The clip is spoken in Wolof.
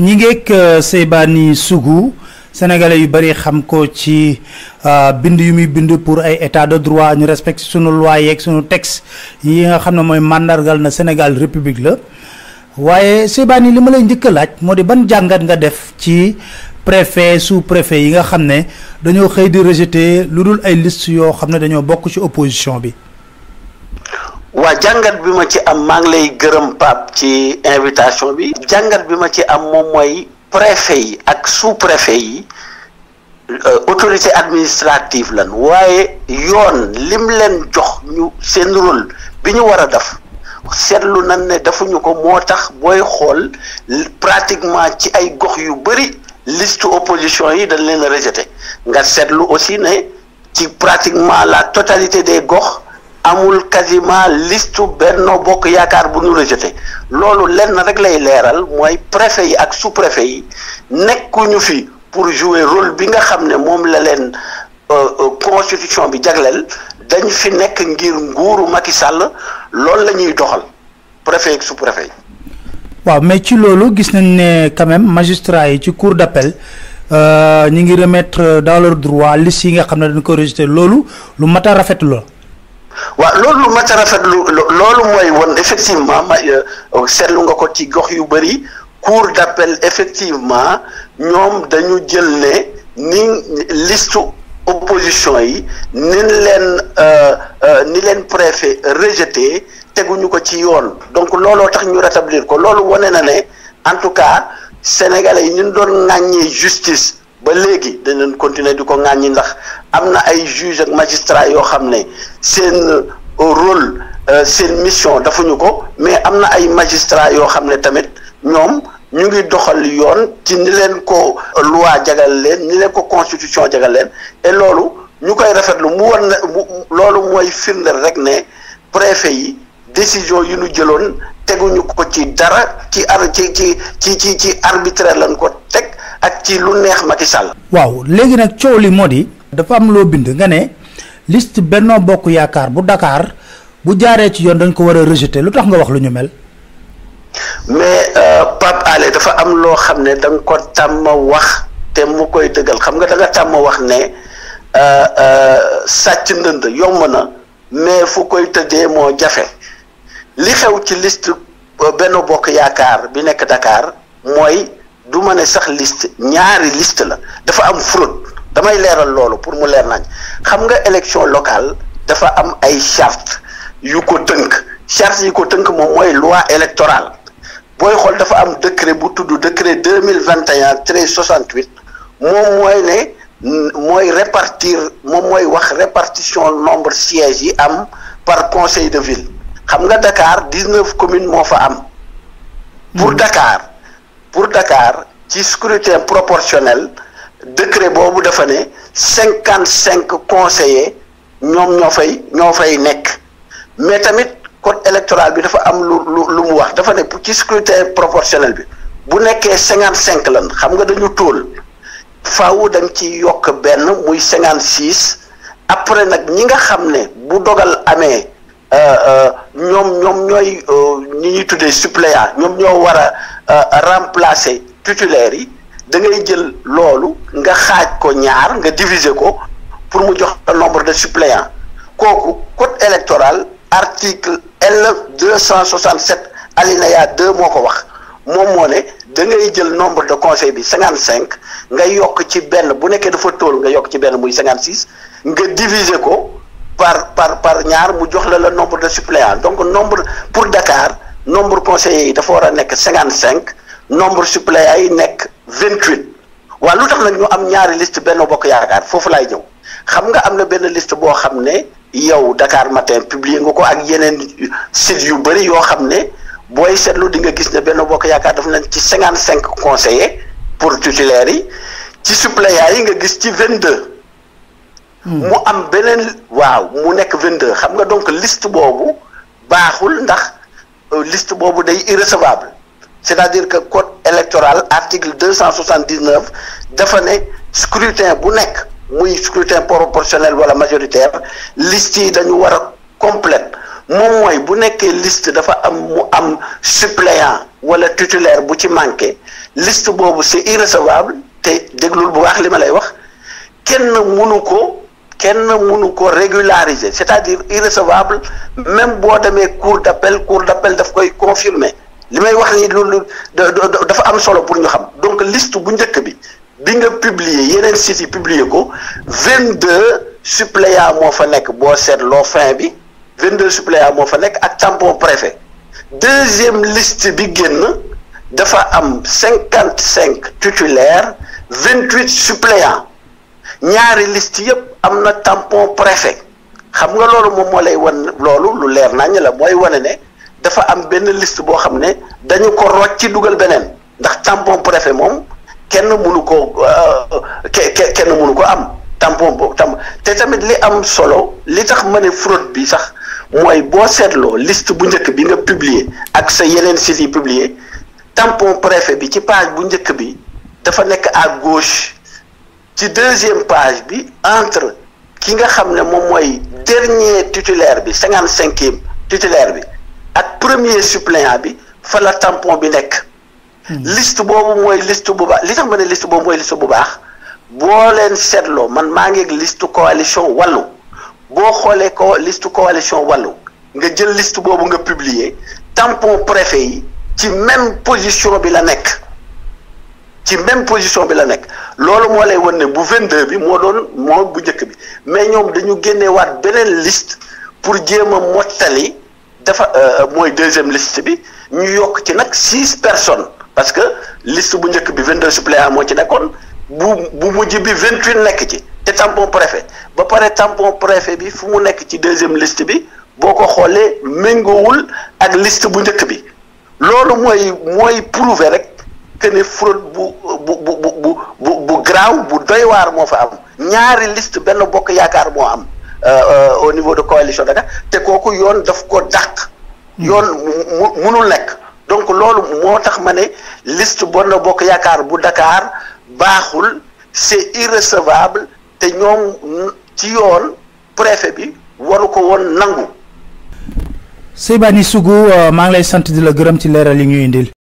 ñi ngeeg euh, Seybani Sougou sénégalais yu bëri xam ko ci euh, bind yu muy bind pour ay état de droit ñu respecte sunu loi yeeg sunu texte yi nga xam ne mooy màndargal na Sénégal république la waaye Seybani li ma lay njëkk a laaj moo di ban jàngat nga def ci préfet sous préfet yi nga xam ne dañoo xëy di rejeter lu dul ay liste yoo xam ne dañoo bokk ci opposition bi. waa jàngat bi ma ci am maa ngi lay gërëm Pape ci invitation bi jàngat bi ma ci am moom mooy préfet yi ak sous-préfet yi euh, autorité administrative lan waaye yoon lim leen jox ñu seen rôle bi ñu war a def seetlu nan ne defuñu ko moo tax booy xool pratiquement ci ay gox yu bëri liste opposition yi dañ leen a nga seetlu aussi ne ci pratiquement la totalité des gox amul quasiment listu Benno Bokk Yaakaar bu ñu rejeté loolu lenn rek lay leeral mooy préfet yi ak sous-préfet yi nekkuñu fi pour jouer rôle bi nga xam ne moom la leen euh, euh, constitution bi jagleel dañ fi nekk ngir nguuru Macky Sall loolu la ñuy doxal préfet ak sous-préfet yi. waaw mais ci loolu gis nañ ne quand magistrat yi ci cour d'appel. Euh, ñu ngi remettre dans leur droit liste yi nga xam ne dañ ko régité loolu lu mat a rafetlu la wa loolu lu l'olu a rafetlu loolu mooy effectivement ma euh, seetlu nga ko ci gox yu bëri cour d'appel effectivement ñoom dañu jël ne ni liste opposition yi ni leen euh, euh, ni leen préfet rejeté teguñu ko ci yoon donc looloo tax ñu rétablir ko loolu wane na ne en tout cas sénégalais yi doon ŋàññee justice ba léegi danañ continuer di ko ŋàññi ndax am na ay juge ak magistrat yoo xam ne seen euh, rôle euh, seen mission dafuñu ko mais am na ay magistrat yoo xam ne tamit ñoom ñu ngi doxal yoon ci ni leen ko loi jagal leen ni leen ko constitution jagal leen et loolu ñu koy rafetlu mu war na mu loolu mooy firnder rek ne préfet yi décision yi nu jëloon teguñu ko ci dara ci ar ci ci ci ci arbitraire lañ ko teg ak ci lu neex Macky Sall. waaw léegi nag coow li moo di. dafa am loo bind nga ne list Benno Bokk Yaakaar bu Dakar bu jaaree ci yoon dañ ko war a rejeter lu tax nga wax lu ñu mel. mais euh, Pape Alé dafa am loo xam ne da ko tàmm wax te mu koy dëggal xam nga danga nga tàmm wax ne euh, euh, sàcc ndënd yomb na mais fu koy tëddee moo jafe li xew ci list Benno Bokk Yaakaar bi nekk Dakar mooy. duma ma ne sax liste ñaari liste la dafa am fraude damay leral loolu pour mu leer nañ xam nga élection locale dafa am ay charte yu ko tënk charte yu ko tënk moom mooy loi électorale booy xool dafa am décret bu tudd décret 2021 mille vingt et un treize moom mooy ne mooy répartir moom mooy wax répartition nombre sièges yi am par conseil de ville xam nga Dakar 19 communes moo fa am. pour mmh. Dakar. pour Dakar ci scrutin proportionnel décret boobu dafa ne cinquante cinq conseiller ñoom ñoo fay ñoo fay nekk mais tamit code électoral bi dafa am lu lu lu mu wax dafa ne ci scrutin proportionnel bi bu nekkee cinquante cinq lan xam nga dañu tóol faaw dañ ci yokk benn muy cinquante six après nag ñi nga xam ne bu dogal amee Euh, euh, ñoom ñoom ñooy euh, ñi ñuy tuddee suppléant ñoom ñoo war a remplacer titulaire yi da ngay jël loolu nga xaaj ko ñaar nga diviser ko pour mu jox nombre de suppléants kooku code électoral article L 267 alinéa 2 moo ko wax moom moo ne da ngay jël nombre de conseil bi 55 nga yokk ci benn bu nekkee dafa tóol nga yokk ci benn muy 56 nga diviser ko. par par par ñaar mu jox la la nombre de suppléants donc nombre pour dakaar nombre conseillers yi dafa war a nekk cinquante cinq nombre suppléants yi nekk vingt huit waaw lu tax nag ñu am ñaari liste benn bokk yaakaar foofu laay ñëw xam nga am na benn liste boo xam ne yow dakaar matin publier nga ko ak yeneen sites yu bëri yoo xam ne booy seetlu di nga gis ne benn bokk yaakaar daf nañ ci cinquante cinq conseillers pour titulaires yi ci suppléants yi nga gis ci vingt deux Hmm. mu am beneen waaw mu nekk 22 xam nga donc liste boobu baaxul ndax euh, liste boobu day irrecevable c'est-à-dire que code électoral article 279 dafa ne scrutin bu nekk muy scrutin proportionnel wala majoritaire liste yi dañu war a complète moom mooy bu nekkee liste dafa am mu am suppléant wala titulaire bu ci manqué liste boobu c'est irrecevable te déglul bu baax li ma lay wax kenn mënu ko kenn mënu ko régulariser c'est-à-dire irrecevable même boo demee cour d'appel cour d'appel daf koy confirmer li may wax ni loolu dafa am solo pour ñu xam donc liste bu njëkk bi bi nga publier yeneen sites yi publier ko 22 suppléants moo fa nekk boo fin bi 22 suppléants moo fa nekk ak tampon préfet deuxième liste bi génn dafa am 55 titulaires 28 suppléants. ñaari liste yëpp am na tampon préfet xam nga loolu moom moo lay wan loolu lu leer nañ la mooy wane ne dafa am benn liste boo xam ne dañu ko rocc ci dugal beneen ndax tampon préfet moom kenn mënu ko euh, ke kenn mënu ko am tampon tam te tamit li am solo li tax ma ne fraude bi sax mooy boo seetloo list bu njëkk bi nga publier ak sa yeneen sites yi publier tampon préfet bi ci page bu njëkk bi dafa nekk à gauche. ci deuxième page entre ki nga dernier titulaire bi 55 cinquième titulaire bi ak premier suppléant bi fa la tampon bi hmm. liste boobu liste liste liste bu man liste coalition wàllu liste coalition nga liste nga tampon préfet yi même position la même position bi loolu moo lay wan ne bu 22 bi moo doon moo bu njëkk bi mais ñoom dañu génneewaat beneen list pour jéem a mottali dafa euh, mooy deuxième liste bi ñu yokk ci nag six personnes parce que liste bu njëkk bi 22 suppléants moo ci nekkoon bu bu mujj bi vingt 28 nekk ci te tampon préfet ba pare tampon préfet bi fu mu nekk ci deuxième liste bi boo ko xoolee méngoowul ak liste bu njëkk bi loolu mooy mooy prouver rek que ne fraude bu bu bu bu. graaw bu doy waar moo fa am ñaari liste benn bokk yaakaar moo am euh, euh, au niveau de coalition Dakar te kooku yoon daf ko dàq. Hmm. yoon mu munul nekk. donc loolu moo tax ma ne liste Benno Bokk Yaakaar bu dakaar baaxul c'est irrecevable te ñoom ci yoon préfet bi waru ko woon nangu. Seybani Sougou euh, maa ngi lay sant di la gërëm ci leeral yi ñu indil.